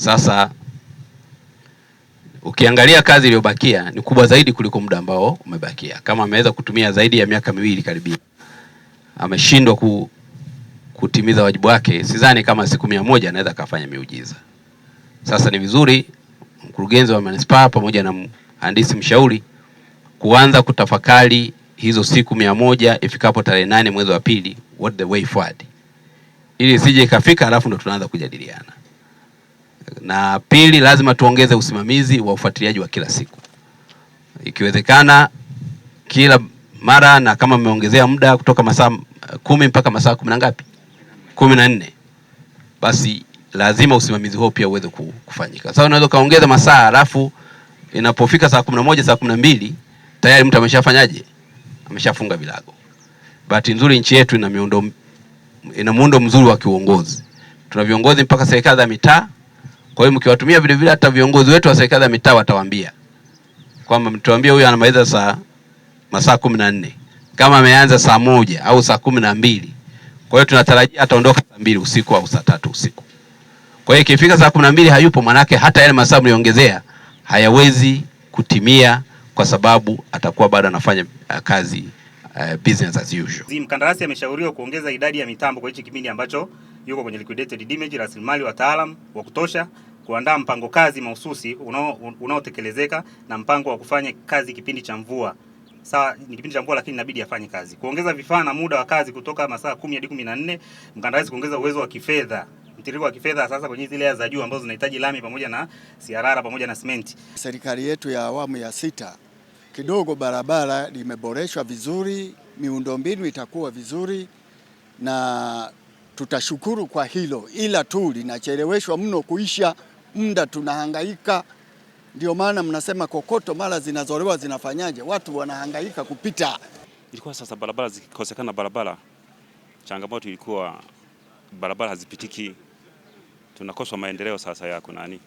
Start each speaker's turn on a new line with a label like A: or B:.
A: Sasa ukiangalia kazi iliyobakia ni kubwa zaidi kuliko muda ambao umebakia. Kama ameweza kutumia zaidi ya miaka miwili karibia, ameshindwa ku, kutimiza wajibu wake, sidhani kama siku mia moja anaweza akafanya miujiza. Sasa ni vizuri mkurugenzi wa manispaa pamoja na mhandisi mshauri kuanza kutafakari hizo siku mia moja ifikapo tarehe nane mwezi wa pili, what the way forward, ili sije ikafika, alafu ndo tunaanza kujadiliana na pili, lazima tuongeze usimamizi wa ufuatiliaji wa kila siku, ikiwezekana kila mara, na kama mmeongezea muda kutoka masaa eh, kumi mpaka masaa kumi na ngapi, kumi na nne, basi lazima usimamizi huo pia uweze kufanyika. Sasa unaweza ukaongeza masaa alafu inapofika saa kumi na moja saa kumi na mbili tayari mtu ameshafanyaje? Ameshafunga vilago. Bahati nzuri nchi yetu ina miundo, ina muundo mzuri wa kiuongozi. Tuna viongozi mpaka serikali za mitaa kwa hiyo mkiwatumia vile vile, hata viongozi wetu wa serikali ya mitaa watawaambia kwamba mtuambie huyu anamaliza saa masaa kumi na nne kama ameanza saa moja au saa kumi na mbili Kwa hiyo tunatarajia ataondoka saa mbili usiku au saa tatu usiku. Kwa hiyo ikifika saa kumi na mbili hayupo, manake hata yale masaa mliongezea hayawezi kutimia, kwa sababu atakuwa bado anafanya eh, kazi uh, business as usual.
B: Mkandarasi ameshauriwa kuongeza idadi ya mitambo kwa hichi kipindi ambacho yuko kwenye liquidated damage, rasilimali wataalamu wa kutosha kuandaa mpango kazi mahususi unaotekelezeka na mpango wa kufanya kazi kipindi cha mvua. Sawa, ni kipindi cha mvua lakini inabidi afanye kazi. Kuongeza vifaa na muda wa kazi kutoka masaa 10 hadi 14. Mkandarasi kuongeza uwezo wa kifedha, mtiririko wa kifedha sasa kwenye zile za juu ambazo zinahitaji lami pamoja na siarara pamoja na simenti.
C: Serikali yetu ya awamu ya sita kidogo barabara limeboreshwa vizuri, miundombinu itakuwa vizuri na tutashukuru kwa hilo, ila tu linacheleweshwa mno kuisha muda tunahangaika. Ndio maana mnasema kokoto mara zinazolewa zinafanyaje, watu wanahangaika kupita.
D: Ilikuwa sasa barabara zikikosekana, barabara changamoto ilikuwa barabara hazipitiki, tunakoswa maendeleo sasa yako nani